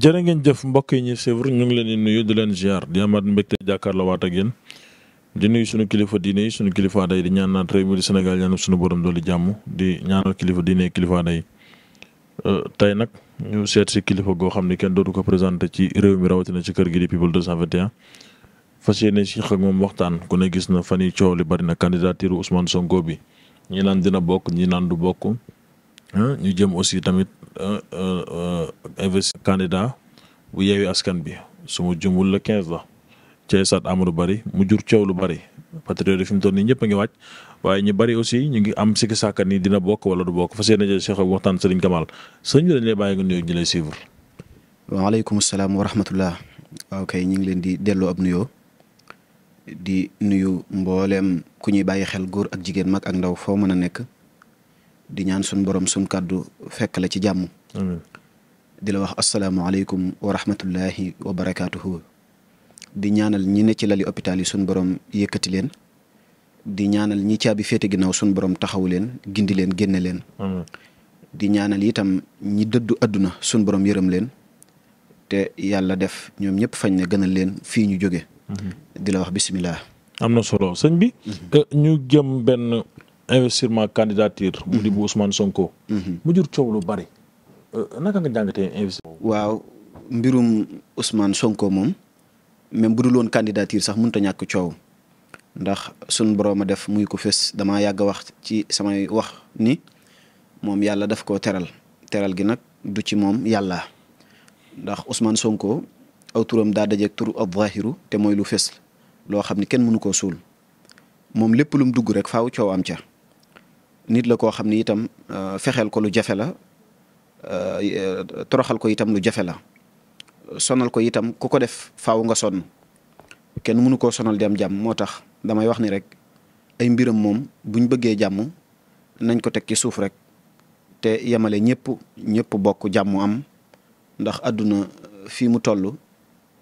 jëre ngeen jëf mbokk yi ñuy suivre ñu ngi leen di nuyu di leen ger di amaat mbégte jàkkaarloo waat ak yéen di nuyu sunu kilifa diine yi sunu kilifa day di ñaan naat réew di Sénégal ñaanal sunu borom doole jàmm di ñaanal kilifa diine yi kilifa day euh, tey nag ñu seet si kilifa goo xam ne kenn dootu ko présenté ci réew mi rawatina ci kër gi di people 221. fas yéene si xëy moom waxtaan ku ne gis na fan yii coow li bari na candidature Ousmane Sonko bi ñi naan dina bokk ñi naan du bokk ah, ñu jëm aussi tamit. investi candidat bu yeewi askan bi su ma jumul la quinze la Thiès Amadou Bari mu jur coow lu bari patriote yi fi mu toll nii ñëpp a ngi wàcc waaye ñu bari aussi ñu ngi am sikki sàkka ni dina bokk wala du bokk fas yéene jël Cheikh waxtaan Serigne Kamal sëñ bi dañ lay bàyyi nga nuyoog ñu lay suivre. waaleykum salaam wa rahmatullah waaw kay ñu ngi leen di delloo ab nuyoo di nuyu mbooleem ku ñuy bàyyi xel góor ak jigéen mag ak ndaw foo mën a nekk. di ñaan sun borom sun kàddu fekk la ci jàmm. di la wax asalaamaaleykum wa rahmatullahi wa barakaatuhu. di ñaanal ñi ne ci lali hôpital yi sun borom yëkkati leen. di ñaanal ñi caabi féete ginnaaw sun borom taxawu leen gindi leen génne leen. di ñaanal itam ñi dëddu adduna sun borom yërëm leen. te yàlla def ñoom ñëpp fañ ne gënal leen fii ñu jóge mhm. di la wax bisimilah. am na solo sëñ bi. Mhm. ñu jëm benn. investir ma candidature. mu di bu mhm. Ousmane Sonko. Mhm. mu jur coow lu bari. Euh, naka nga jàngatee waaw mbirum Ousmane Sonko moom même bu dul woon candidature sax mënut a ñàkk coow ndax suñ borom a def muy ko fës damaa yàgg wax ci samay wax ni moom yàlla daf koo teral teral gi nag du ci moom yàlla ndax Ousmane Sonko aw turam daa dajeeg turu ab zahiru te mooy lu fës loo xam ni kenn mënu koo suul moom lépp lum dugg rek faw coow am ca. nit la koo xam ni itam euh, fexeel ko lu jafe la euh, toroxal ko itam lu jafe la sonal ko itam ku ko def faaw nga sonn kenn mënu koo sonal dem jàmm moo tax damay wax ni rek ay mbiram moom buñ bëggee jàmm nañ ko teg ci suuf rek te yemale ñëpp ñëpp bokk jàmm am ndax àdduna fii mu toll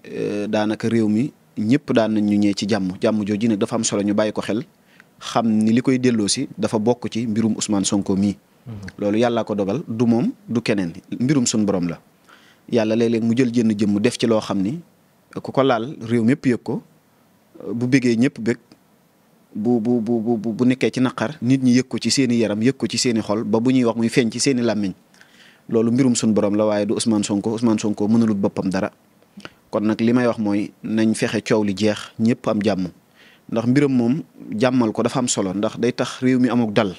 euh, daanaka réew mi ñëpp daan nañ ñu ñee ci jàmm jàmm jooju nag dafa am solo ñu bàyyi ko xel xam ni li koy delloo si dafa bokk ci mbirum usmaan Sonko mii. Mhm. loolu yàllaa ko dogal du moom du keneen mbirum suñ borom la. yàlla léeg-léeg mu jël jënn jëmm def ci loo xam ni ku ko laal réew mépp yëg ko bu bëggee ñëpp bëgg bu bu nekkee ci naqar nit ñi yëg ko ci seen yaram yëg ko ci seen i xol ba bu ñuy wax muy feeñ ci seeni làmmiñ loolu mbirum suñ borom la waaye du Ousmane Sonko Ousmane sonkoo mënalul boppam dara kon nag li may wax mooy nañ fexe coow li jeex ñëpp am jàmm. ndax mbiram moom jàmmal ko dafa am solo ndax day tax réew mi amuk dal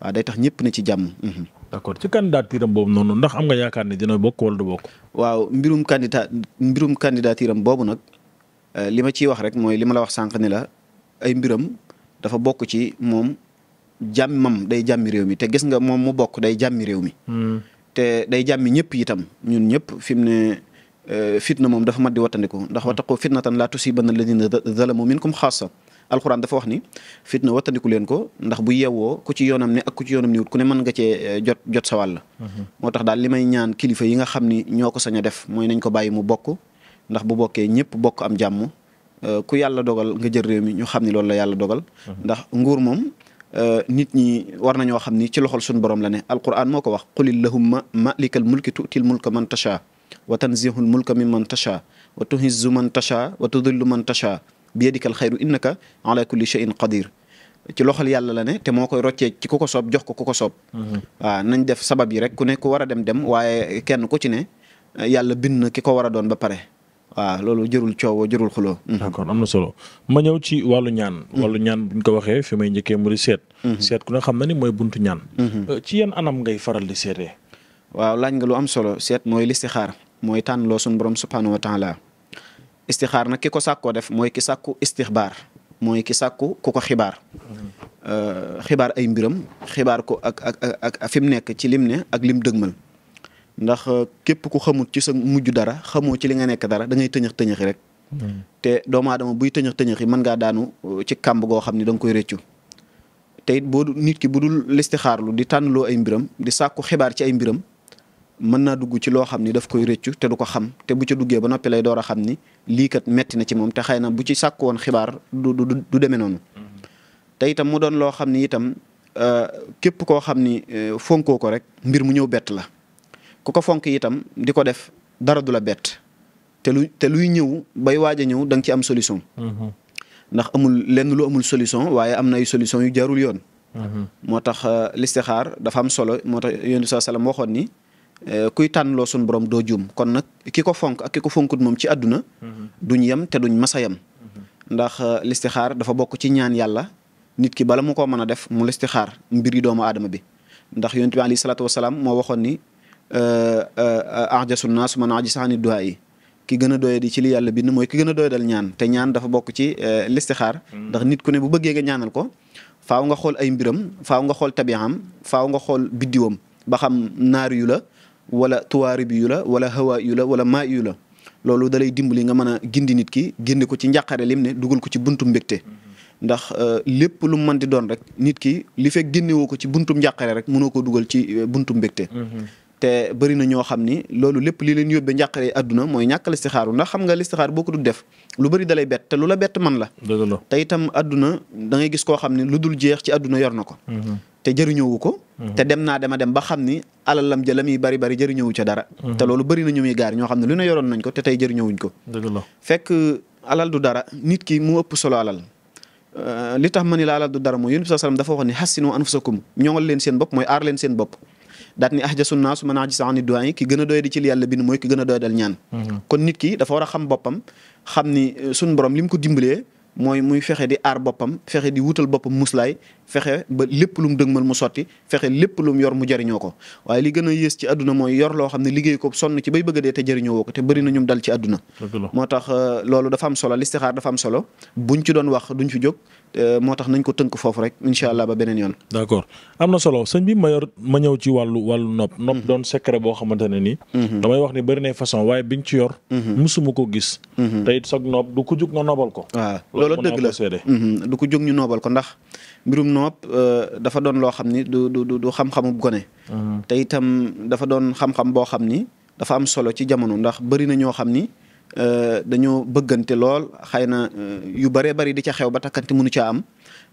waaw day tax ñëpp ne ci jàmm. Mhm. d'accord ci candidature am boobu noonu ndax am nga yaakaar ne dina bokk wala du bokk. waaw mbirum candidat mbirum candidature am boobu nag euh, li ma ciy wax rek mooy li ma la wax sànq ni la ay mbiram dafa bokk ci moom jàmmam day jàmmi réew mi te gis nga moom mu bokk day jàmmi réew mi. Hmm. te day jàmmi ñëpp itam ñun ñëpp fi ne Euh, fitna moom dafa mat di wattandiku ndax hmm. wattaqu fitnatan laa tusibanna alladina zalamu minkum xaasa alxuraan dafa wax ni fitna wattandiku leen ko ndax bu yeewoo ku ci yoonam ne ak ku ci yoonam niwut ku ne mën nga cee eh, jot jot sa wàll hmm. moo tax daal li may ñaan kilifa yi nga xam ni ñoo ko sañ a def mooy nañ ko bàyyi mu bokk ndax bu bokkee ñëpp bokk am jàmm euh, ku yàlla dogal nga jël réew mi ñu xam ni loolu la yàlla dogal hmm. ndax nguur moom euh, nit ñi war ñoo xam ni ci loxol suñu borom la ne alquran moo ko wax qulillahumma malikal mulki tutil mulka man tasha wa tanzihul mulka mimman tasha wa tuhizzu man tasha wa tudillu man tasha biyadikal xayru innaka ala kulli shay'in qadir ci loxol yàlla ku ko soob jox ko ku ko soob mhm. waaw nañ def sabab yi rek ku ne ku war a dem dem waaye kenn ku ci ne yàlla bind na ki ko war a doon ba pare waaw loolu jërul coowoo jërul xuloo mhm. d'accord am na solo ma ñëw ci wàllu ñaan mhm. wàllu ñaan buñ ko waxee fi may njëkkee mu di seet seet ku ne xam na ni mooy buntu ñaan ci yan anam ngay faral di seetee waaw laaj nga lu am solo seet mooy listixaar mooy tànn loo suñu borom subhanahu wa taala istixaar nag ki ko sàkkoo def mooy ki sàkku istixbaar mooy ki sàkku ku ko xibaar euh, xibaar ay mbiram xibaar ko ak ak ak mu nekk ci lim ne ak lim dëgmal ndax euh, képp ku xamut ci sa mujj dara xamoo ci li nga nekk dara da tëñëx tëñëxi rek. Hmm. te doomu aadama buy tëñëx tëñëxi mën ngaa daanu euh, ci kàmb goo xam ni da koy rëccu. te it boo nit ki bu dul listixaarlu di tànnaloo ay mbiram di sàkku xibaar ci ay mbiram mën naa dugg ci loo xam ni daf koy rëccu te du ko xam te bu ca duggee ba noppi lay door a xam ni lii kat metti na ci moom te xay na bu ci sàkk woon xibaar du du du demee noonu. Mm-hmm. te itam mu doon loo xam ni itam euh, képp koo xam ni euh, fonkoo ko rek mbir mu ñëw bett la ku ko fonk itam di ko def dara du la bett te lu te luy ñëw bay waaj a ñëw da ci am solution. Mm-hmm. ndax amul lenn lu amul solution waaye am na ay solution yu jaarul yoon. Mm-hmm. moo tax euh, listixaar dafa am solo moo tax yonent bi ni. Euh, kuy loo suñu borom doo juum kon nag ki ko fonk ak ki ko fonkut moom ci adduna mhm. duñ yem te duñ masa yem mhm. ndax euh, listixaar dafa bokk ci ñaan yàlla nit ki bala mu ko mën a def mu listixaar mbir yi doomu aadama bi ndax yonent bi alayhi salaatu wasalaam moo waxoon ni euh, ahjasun naas man ajisa ani duhaa yi ki gën a doye di ci li yàlla bind mooy ki gën a doye dal ñaan te ñaan dafa bokk ci listixaar mhm. ndax nit ku ne bu bëggee nga ñaanal ko faaw nga xool ay mbiram faaw nga xool tabiaam faaw nga xool biddiwam ba xam naar yu wala tuwaarib yu la wala hawa yu la wala maa yu la loolu dalay dimbali nga mën a gindi nit ki génne ko ci njàqare lim ne dugal ko ci buntu mbégte ndax euh, lépp lu mën di doon rek nit ki li fekk génnewoo ko ci buntum njàqare rek mënoo ko dugal ci euh, buntu mbégte mhm. te bëri na ñoo xam ni loolu lépp li leen yóbbee njàqare yi àdduna mooy ñàkk listixaaru ndax xam nga listixaar boo ko du def lu bëri dalay bett te lu la bett man la te itam adduna da ngay gis koo xam ne lu dul jeex ci àdduna yor na ko mhm. te jëriñoowu ko. Mhm. te dem naa dama dem ba xam ni alalam ja la muy bari bari jëriñoowu ca dara. Mhm. te loolu bari na ñu muy ñoo xam ne lu ne yoroon nañ ko te tey jëriñoowuñ ko. dëgg la fekk alal du dara nit ki mu ëpp solo alal. Euh, li tax ma la alal du dara mooy yonent bi sallam dafa waxoon ne hassinu anfusakum ñoŋal leen seen bopp mooy aar leen seen bopp. daat ni ahjasu naasu man ahjasa ani duaa yi ki gën a doy di ci li yàlla bind mooy ki gën a doy dal ñaan. Mhm. kon a xam boppam xam euh, ko mooy muy fexe di aar boppam fexe di wutal boppam muslaay fexe ba lépp lu mu dëgmal mu sotti fexe lépp lu mu yor mu jariñoo ko waaye li gën a yées ci àdduna mooy yor loo xam ne liggéey ko sonn ci bay bëgg dee te jëriñoo woo ko te bëri na ñum dal ci àdduna moo tax euh, loolu dafa am solo listixaar dafa am solo buñ ci doon wax duñ fi jóg Euh, moo tax nañ ko tënk foofu rek incha allah ba beneen yoon. d' accord am na solo sëñ bi ma yor ma ñëw ci wàllu wàllu nopp. nopp mm-hmm. doon secret boo xamante ne nii. Mm-hmm. damay wax ni bëri na façon waaye biñ ci yor. Mm-hmm. musuma ko gis. te it soog du ko jug nga noobal ko. waaw loolu dëgg la du ko jug ñu noobal ko ndax mbirum nopp euh, dafa doon loo xam ni du du du xam-xamu gone. te itam dafa doon xam-xam boo xam ni dafa am solo ci jamono ndax bëri na ñoo xam ni. Euh, dañoo bëggante lool xëy na euh, yu bëree bëri di ca xew ba takkante mënu caa am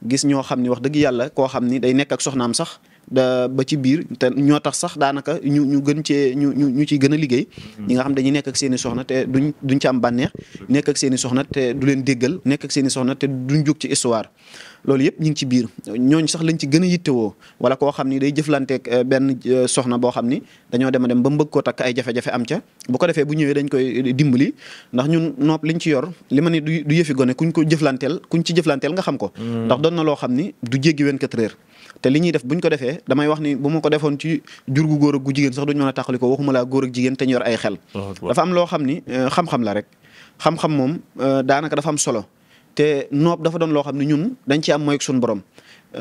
gis ñoo xam ni wax dëgg yàlla koo xam ni day nekk ak soxnaam sax da ba ci biir te ñoo tax sax daanaka ñu ñu gën cee ñu ñu ñu ciy gën a liggéey. ñi nga xam dañuy nekk ak seen soxna te duñ duñ ci am bànneex. nekk ak seen soxna te du leen déggal. nekk ak seen i soxna te duñ jóg ci histoire. loolu yëpp ñu ngi ci biir ñooñ sax lañ ci gën a yittewoo wala koo xam ni day jëflanteek eh, benn eh, soxna boo xam ni dañoo dem a dem ba mbëg koo takk ay jafe-jafe am ca bu ko defee bu ñëwee dañ koy dimbali ndax ñun nopp liñ ci yor li ma ne du yëfi gone kuñ ko jëflanteel kuñ ci jëflanteel nga xam ko mm. ndax doon na loo xam ni du jéggi 24 heures te li ñuy def buñ ko defee damay wax ni bu ma ko defoon ci jur gu góor ak jigéen sax duñ mën a taxali ko waxuma laa góor ak jigéen te yor ay xel dafa am loo xam ni eh, xam-xam la rek xam-xam moom daanaka dafa am solo te noob dafa doon loo xam ne ñun dañ ci am moy suñu borom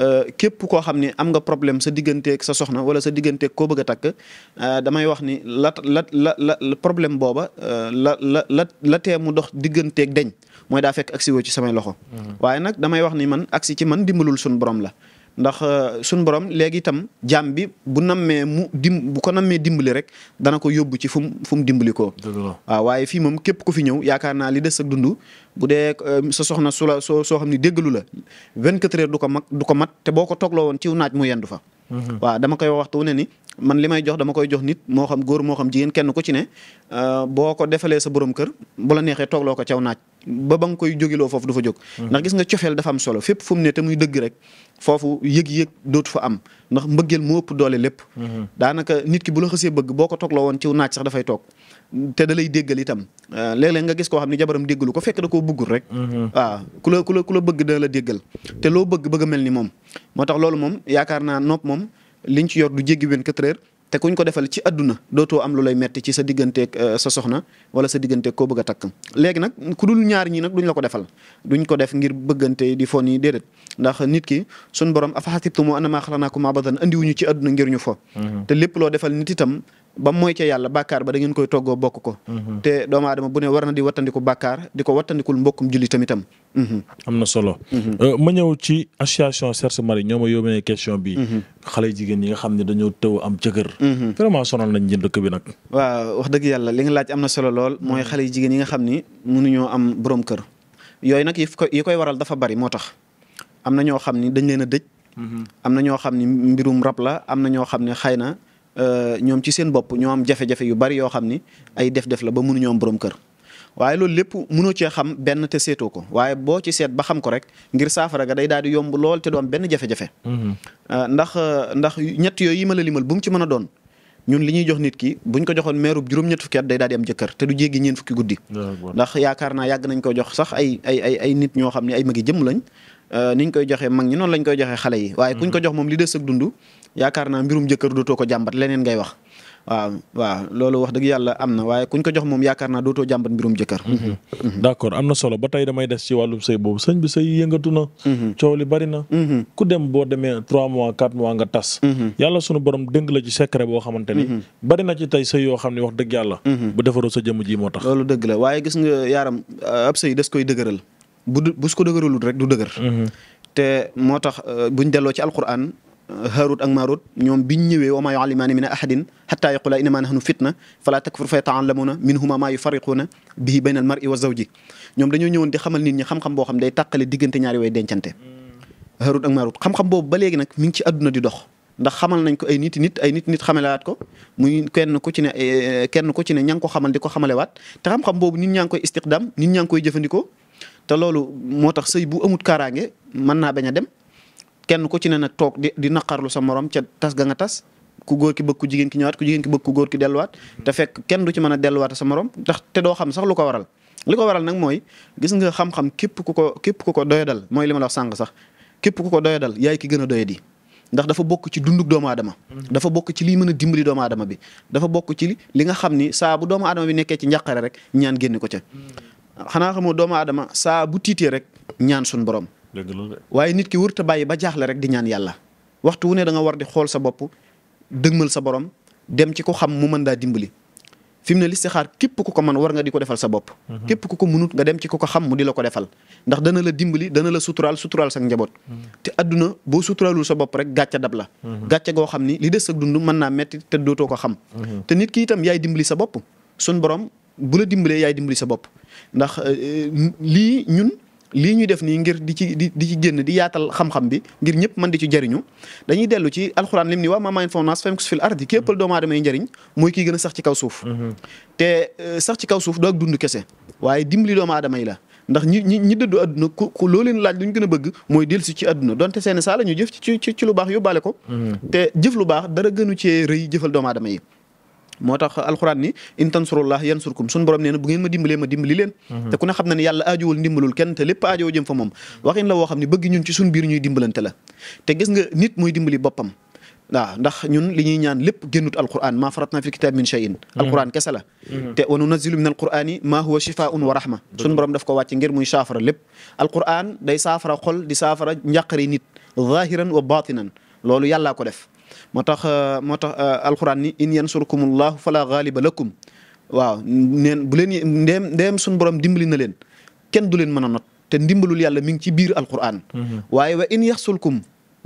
euh, képp koo xam ne am nga problème sa digganteeg sa soxna wala sa digganteeg koo bëgg a takk euh, damay wax ni la la la la problème booba euh, la la la la tee mu dox digganteeg deñ mooy daa fekk agsi woo ci samay loxo. Mm-hmm. waaye nag damay wax ni man agsi ci man dimbalul suñu borom la. ndax euh, suñ borom léegi itam jaam bi bu nammee mu dim bu ko nammee dimbali rek dana ko yóbbu ci fu mu fu mu dimbali ko waaw waaye fii moom képp ku fi ñëw yaakaar naa li des ak dund bu dee euh, sa soxna sula la soo soo xam ne déggalu la 24 heures du ko mag du ko mat te boo ko toogloo woon ciw naaj mu yendu fa mhm. waaw dama koy waxtu ne ni man li may jox dama koy jox nit moo xam góor moo xam jigéen kenn ku ci ne euh, boo ko defalee sa borom kër bu la neexee toogloo ko caw naaj ba ba koy jógiloo foofu du fa jóg hmm. ndax gis nga cofeel dafa am solo fépp fu mu ne te muy dëgg yëg-yëg dootu fa am ndax mbëggeel mu ëpp doole lépp hmm. daanaka nit ki bu la xësee bëgg boo ko toogloo woon ciw naaj sax dafay toog te da lay déggal itam euh, léeg-léeg nga gis koo xam ne jabaram déggalu ko fekk da koo bëggul rek hmm. waaw ku la ku la ku la bëgg da la déggal te loo bëgg bëgga mel ni moom moo tax loolu moom yaakaar naa nopp liñ ci yor du jéggi 24 heures te kuñ ko defal ci àdduna dootoo am lu lay metti ci sa digganteeg euh, sa soxna wala sa digganteeg koo bëgg takk léegi nag ku dul ñaar ñii nag duñ la ko defal duñ ko def ngir bëggante di fon yi déedéet ndax nit ki suñ borom afaxasibtumu annama xalaqnaakum abathan andiwuñu ci àdduna ngir ñu fo mm-hmm. te lépp loo defal nit itam ba mooy ca yàlla bàkkaar ba da ngeen koy toggoo bokk ko. Mhm. te doomu aadama bu ne war na di wattandiku bàkkaar di ko wattandikul mbokkum julli tamitam mhm. am na solo. Mhm. Euh, ma ñëw ci association Cerce Marie ñoo ma yóbbee question bi. jigéen ñi nga xam ne dañoo tëw am jëkkër. vraiment sonal nañ ñi dëkk bi nag. waaw wax dëgg yàlla li nga laaj am na solo lool mooy xale jigéen yi nga xam ni mënuñoo am borom kër. yooyu nag yi koy yi koy waral dafa bari moo tax am na ñoo xam ni dañ leen a dëj. am na ñoo xam ni mbirum rab la am na ñoo xam ne xëy na Euh, ñoom ci seen bopp ñoo am jafe-jafe yu bari yoo xam ni ay def-def la ba mënuñoo am borom kër waaye loolu lépp mënoo cee xam benn te seetooko waaye boo ci seet ba xam ko rek ngir saafara ga day daal di yomb lool te doon benn jafe-jafe. Mm-hmm. Euh, ndax euh, ndax ñett yooyu yi ma la limal bu mu ci mën a doon ñun li ñuy jox nit ki buñ ko joxoon meerub juróom-ñett fukki at day daal di am jëkkër te du jéggi ñeen fukki guddi. ndax yaakaar naa yàgg nañ ko jox sax ay nit ñoo xam ne ay magi jëm lañ. niñ koy joxee mag ñi noonu lañ koy joxee xale yi. waaye kuñ ko jox moom li des ak yaakaar naa mbirum jëkkër dootoo ko jàmbat leneen ngay wax waaw waaw loolu wax dëgg yàlla am na waaye kuñ ko jox moom yaakaar naa dootoo jàmbat mbirum jëkkër mhm. Mhm. d'accord am na solo ba tey damay des ci wàllum sëy boobu sëñ bi sëy yëngatu na mhm. coow li bari na ku dem boo demee trois mois quatre mois nga tas yàlla sunu borom dénk la ci secret boo xamante ni bari na ci tey sëy yoo xam ne wax dëgg yàlla bu defaroo sa jëmm ji moo tax loolu dëgg la waaye gis nga yaaram ab sëy des koy dëgëral bu bu su ko dëgëralul rek du dëgër te moo tax euh, buñ delloo ci alquran Haarut ak Maarut ñoom biñ ñëwee wa maa yuallimaani a ahadin hattaa yaquulaa innamaa nahnu fitna falaa takfur fa yata'allamuuna minhumaa maa yufarriquuna bihi bayna mari wa zawji ñoom dañoo ñëwoon xamal nit ñaari way dencante. Haarut ak Maarut xam-xam boobu ba léegi nag mi ngi ci àdduna di dox ndax xamal nañ ko ay nit nit ay nit nit xamalewaat ko muy kenn ku ci ne eh, kenn ko xamal di te xam-xam boobu nit ñaa koy istiqdaam nit ñaa moo tax sëy bu amut kaaraange mën naa a kenn ku ci ne nag toog di di naqarlu sa morom ca tas ga nga tas ku góor ki bëgg ku jigéen ki ñëwaat ku jigéen ki bëgg ku góor ki delluwaat te fekk kenn du ci mën a delluwaat sa morom ndax te doo xam sax lu ko waral li ko waral nag mooy gis nga xam-xam képp ku ko képp ku ko doyadal mooy li ma la sax képp ku ko doyadal yaay ki gën a doyadi ndax dafa bokk ci dunduk doomu aadama dafa bokk ci liy mën a dimbali doomu aadama bi dafa bokk ci li nga xam ni saa bu doomu aadama bi nekkee ci njàqare rek ñaan génn ko ca xanaa xamoo doomu aadama saa bu tiitee rek ñaan suñ borom waaye nit ki wërta bàyyi ba jaaxle rek di ñaan yàlla waxtu wu ne da nga war di xool sa bopp dëgmal sa borom dem ci ko xam mu mën daa dimbali fi mu ne listixaar képp ku ko mën war nga di ko defal sa bopp mhm. képp ku ko mënut nga dem ci ku ko xam mu di la ko defal ndax dana la dimbali dana la suturaal suturaal sa njaboot mhm. te adduna boo suturaalul sa bopp rek gàcce dab la mhm. gàcce goo xam ni li des ak dund mën naa metti te dootoo ko xam te nit ki itam yaay dimbali sa bopp sun borom bu la dimbalee yaay dimbali sa bopp ndax euh, euh, lii ñun lii ñuy def nii ngir di ci di di ci génn di yaatal xam-xam bi ngir ñëpp mën di ci jariñu dañuy dellu ci alxuraan lim ni waa maamayin faw naas fam kus fil ardi ki ëppal doomu aadama yi njariñ mooy kii gën a sax ci kaw suuf mm-hmm. te euh, sax ci kaw suuf doo ak dund kese waaye dimbali doomu aadama yi la ndax ñi ñi ñi dëddu àdduna ku ku loo leen laaj lu ñu gën a bëgg mooy dellu si ci àdduna donte seeni saa la ñu jëf ci ci ci lu baax yóbbaale ko mm-hmm. te jëf lu baax dara gënu cee rëy jëfal doomu aadama yi moo tax alxuraan ni in tansurullah yansurkum suñu borom nee na bu ngeen ma dimbalee ma dimbali leen mhm. te ku ne xam na ne yàlla aajowul ndimbalul kenn te lépp aajowoo jëm fa moom waxin la woo xam ne bëgg ñun ci suñu ñuy dimbalante la te gis nga nit muy dimbali boppam waaw ndax ñun li ñuy ñaan lépp génnut alquran maa faratna fi kitab min shay'in mhm. la mhm. te wa nunazzilu min alqurani maa huwa shifaa'un wa rahma suñu borom daf ko wàcc ngir muy saafara lépp alquran day saafara xol di saafara njàqari nit zahiran wa batinan loolu yàllaa ko def moo tax euh, moo tax euh, alxuraan ni in yansurkumullahu fala ghaliba lakum waaw neen bu leen ndeem ndeem suñu borom dimbali na leen kenn du leen mën a not te ndimbalul yàlla mi ngi ci biir alxuraan mhm. waaye wa in yaxsulkum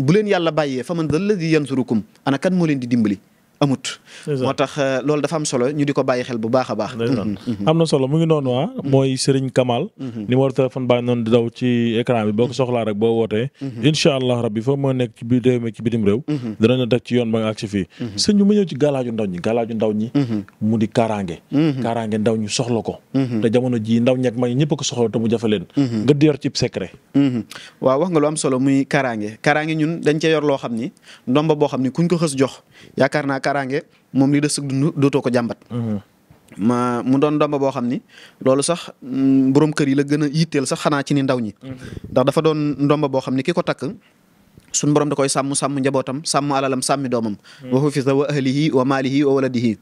bu leen yàlla bàyyee fa man dal ladi yansurukum ana kan moo leen di dimbali amut moo tax euh, loolu dafa am solo ñu di ko bàyyi xel bu baax a baax mm-hmm, mm-hmm. am na solo mu ngi noonu ba nga agsi fii mm-hmm. sëñ bi ma ñëw ci galaaju ndaw ñi galaaju ndaw ñi mu di kaaraange kaaraange ndaw ñu soxla ko te jamono ji ndaw ñeeg mag ñëpp a ko soxla te mu jafe leen nga di yor ci secret waaw wax nga lu am solo muy kaaraange kaaraange ñun dañ cee yor loo xam ni ndomba boo xam ni kuñ ko xës jox yaakaar naa kaaraange moom lii de sëg dund dootoo ko jàmbat. Mhm. ma mu doon ndomba boo xam ni loolu sax mm, borom kër yi la gën a yitteel sax xanaa ci ni ndaw ñi. Mhm. ndax dafa doon ndomba boo xam ni ki ko takk. suñu borom da koy sàmm sàmm njabootam sàmm alalam sàmmi doomam mhm. wa hufisa wa ahlihi wa maalihi wa waladihi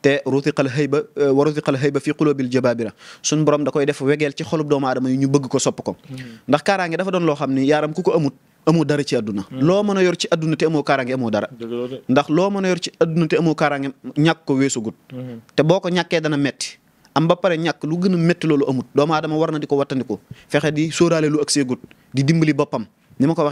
te rutiqal hayba e, wa rutiqal hayba fi qulubil jababira suñu borom da koy def wegeel ci xolub doomu aadama yi ñu bëgg ko sopp ko ndax kaaraange dafa doon amoo dara ci àdduna hmm. loo mën a yor ci àdduna te amoo kaaraange amoo dara ndax loo mën a yor ci àdduna te amoo kaaraange ñàkk ko weesugut hmm. te boo ko ñàkkee dana metti am ba pare ñàkk lu gën a métti loolu amut doomu aadama war na di ko fexe di sóoraale lu ak seegut di dimbali boppam ni ma ko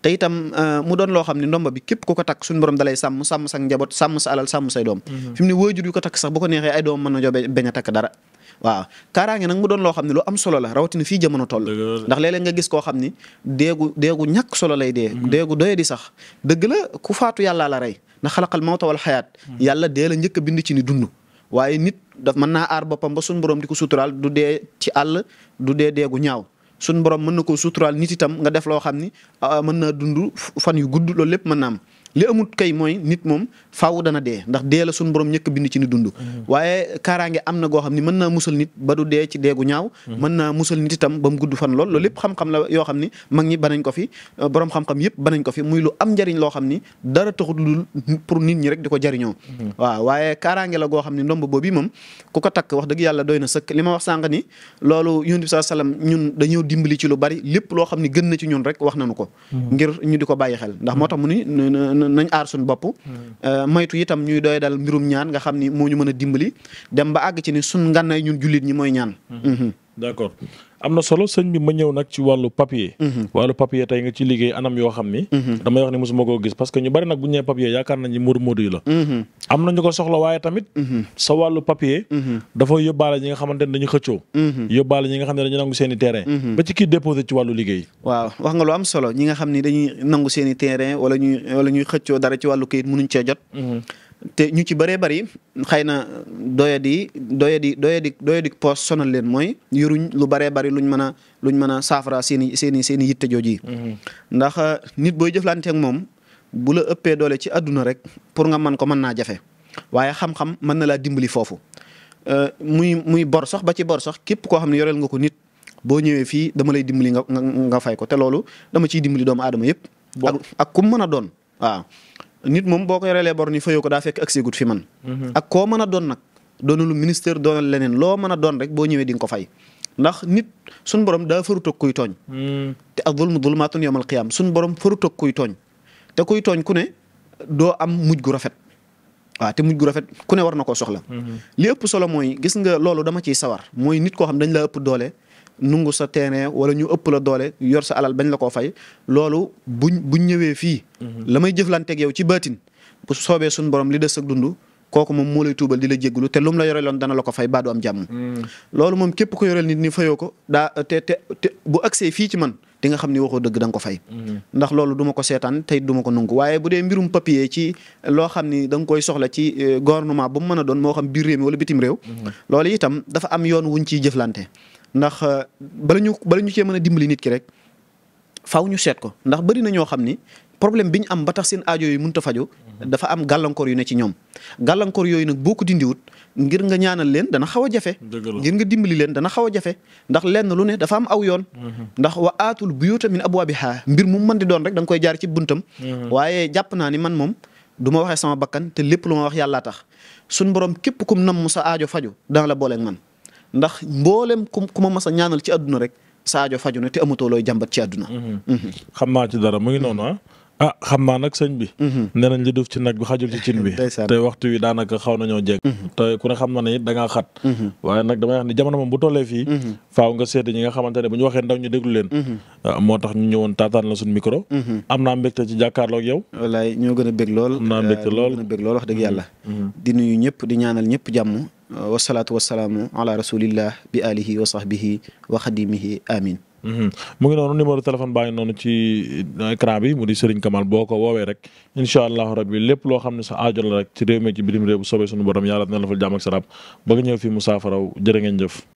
te itam euh, mu doon loo xam ne ndomba bi képp ku ko takk suñu borom dalay sàmm sàmm sa njaboot sam sa alal sàmm say doom mhm. fi mu ne waajur yu ko takk sax bu ko neexee ay doom mën na a takk doon loo xam ne lu am solo la rawatina fii jamono toll ndax léeg-léeg nga gis koo xam ni déegu déegu ñàkk solo lay dee mhm. déegu doye di sax dëgg la ku faatu yàllaa la rey ndax xalaqal mawta wal xayaat mhm. yàlla dee la njëkk a bind ci ni dund waaye nit daf mën naa aar boppam ba suñu borom di ko suturaal du dee ci àll du dee deegu ñaaw suñ borom mën na koo suturaal nit itam nga def loo xam ni ah, mën naa dund fan yu gudd loolu lépp mën na am li amut kay mooy nit moom faaw dana dee ndax dee sun suñu borom ñëkk bind ci ni dund mhm. waaye kaaraange am na goo xam ni man naa musal nit ba du dee ci dee gu ñaaw mhm. mën naa musal nit itam ba mu gudd fan lool loolu lépp xam-xam la yoo xam ni mag ñi banañ ko fi euh, borom xam-xam yëpp banañ ko fi muy lu am njariñ loo xam ni dara taxut lu pour nit ñi rek di ko jariñoo mhm. waaw waaye kaaraange la goo xam ni ndomb boobu moom ku ko takk wax dëgg yàlla doy na sëkk li ma wax sànq ni loolu yonent bi saa salaam ñun dañoo dimbali ci lu bari lépp loo xam ni gën na ci ñun rek wax nañu ko di ko bàyyi xel ndax moo tax mu ni nañ aar suñu bopp euh, moytu itam ñuy doy dal mbirum ñaan nga xam ni moo ñu mën a dimbali dem ba àgg ci ni suñ ngànnaay ñun jullit ñi mooy ñaan mm-hmm. Mm-hmm. d' accord am na solo sëñ bi ma ñëw nag ci wàllu papier. Mhm. wàllu papier tey nga ci liggéey anam yoo xam ni. Mhm. damay wax ni mosuma koo gis parce que ñu bari nag bu ñu nee papier yaakaar nañ ni módu la. Mhm. am na ñu ko soxla waaye tamit. sa wàllu papier. dafa yóbbaale ñi nga xamante dañu xëccoo. yóbbaale ñi nga xam ne dañu nangu seen i ba ci kii déposé ci wàllu liggéey. waaw wax am solo ñi nga xam ni dañuy nangu seen i terrain ñuy xëccoo dara ci te ñu ci bëree bëri xëy na doyadi doyadi doyadi doyadi poos sonal leen mooy yoruñ lu bëree bëri luñ mën a luñ mën a saafara seen i seen i seen i yitte jooju mhm. ndax uh, nit booy jëflanteeg moom bu la ëppee doole ci àdduna rek pour nga mën ko mën naa jafe waaye xam-xam mën na laa dimbali foofu. Uh, muy muy bor sax ba ci bor sax képp koo xam ne yoreel nga ko nit boo ñëwee fii dama lay dimbali nga nga fay ko te loolu dama ciy dimbali doom aadama yëpp. ak ak ku mu mën a doon waaw. nit moom boo ko yorelee bor ni fayoo ko daa fekk ak seegut fi man mhm. ak koo mën a doon nag doonalu ministère doonal leneen loo mën doon rek boo ñëwee di nga ko fay ndax nit suñ borom daa farut ak kuy tooñ hmm. te ak zulmu zulmaatun yawmal qiyaam suñ borom farut ak kuy tooñ te kuy tooñ ku ne doo am mujj gu rafet waaw te mujj gu rafet ku ne war na koo soxla mhm. li ëpp solo mooy gis nga loolu dama ciy sawar mooy nit koo xam dañ la ëpp doole nungu sa terrain wala ñu ëpp la doole yor sa alal bañ la koo fay loolu buñ buñ ñëwee fii. Mhm. la may jëflanteeg yow ci baatin bu soobee suñu borom li des ak dund kooku moom moo lay tuubal di la jéggulu te lu mu la yore loon dana la ko fay baa du am jàmm. Mhm. loolu moom képp ko yoreel nit ñi fayoo ko daa te te bu agsee fii ci man di xam ni waxoo dëgg da nga ko fay. Mhm. ndax loolu du ma ko seetaan tey du ma ko nungu waaye bu dee mbirum papier ci loo xam ni da koy soxla ci eh, gouvernement a ndax euh, bala ñu bala ñu cee mën a dimbali nit ki rek faaw ñu seet ko ndax bari na ñoo xam ni problème bi ñu am ba seen ajo yi mënut a fajo dafa am gàllankoor yu ne ci ñoom gàllankoor yooyu nag boo ko dindiwut ngir nga ñaanal leen dana xaw a jafe ngir nga dimbali leen dana xaw a jafe ndax lenn lu ne dafa am aw yoon mhm. ndax wa aatul buyuuta min abwaabihaa mbir mu mën di doon rek da koy jaar ci buntam mhm. waaye jàpp naa ni man moom duma waxee sama bakkan te lépp lu wax yàllaa tax suñ borom képp kum nam mu sa aajo fajo dana la man ndax mboolem ku ku ma mas a ñaanal ci adduna rek saajo faju ne te amatoo looy jàmbat ci àdduna. Mhm. Mhm. xam naa ci dara mu ngi noonu ah, ah xam naa nag sëñ bi. Mhm. nee nañ li duuf ci nag bi xajul ci cin bi. te waxtu wi daanaka xaw nañoo jekk. te ku ne xam na ne it da ngaa xat. waaye nag damay wax ni jamono moom bu tollee fii. faaw nga seeti ñi nga xamante ne bu ñu waxee ndaw ñu déglu leen. Ah, moo tax ñu ñëwoon taataan la suñu micro. am na mbégte ci jàkkaarloog yow. wallaay ñoo gën a bég lool. am lool gën a wax dëgg yàlla. di nuyu ñëpp di ñaanal ñëpp jàmm. wasalaatu wasalaamu ala rasulillah bi alihi wa sahbihi wa xadimihi amin mhm. mu ngi noonu numéro téléphone baa ngi noonu ci euh, écran bi mu di Serigne Kamal boo ko woowee rek incha allahu rabbi lépp loo xam ne sa aajo la rek ci réew mi ci bitim réew bu soobee sunu borom yàlla dina la fa jàmm ak salaam bëgg ñëw fii musaafaraw jërë ngeen jëf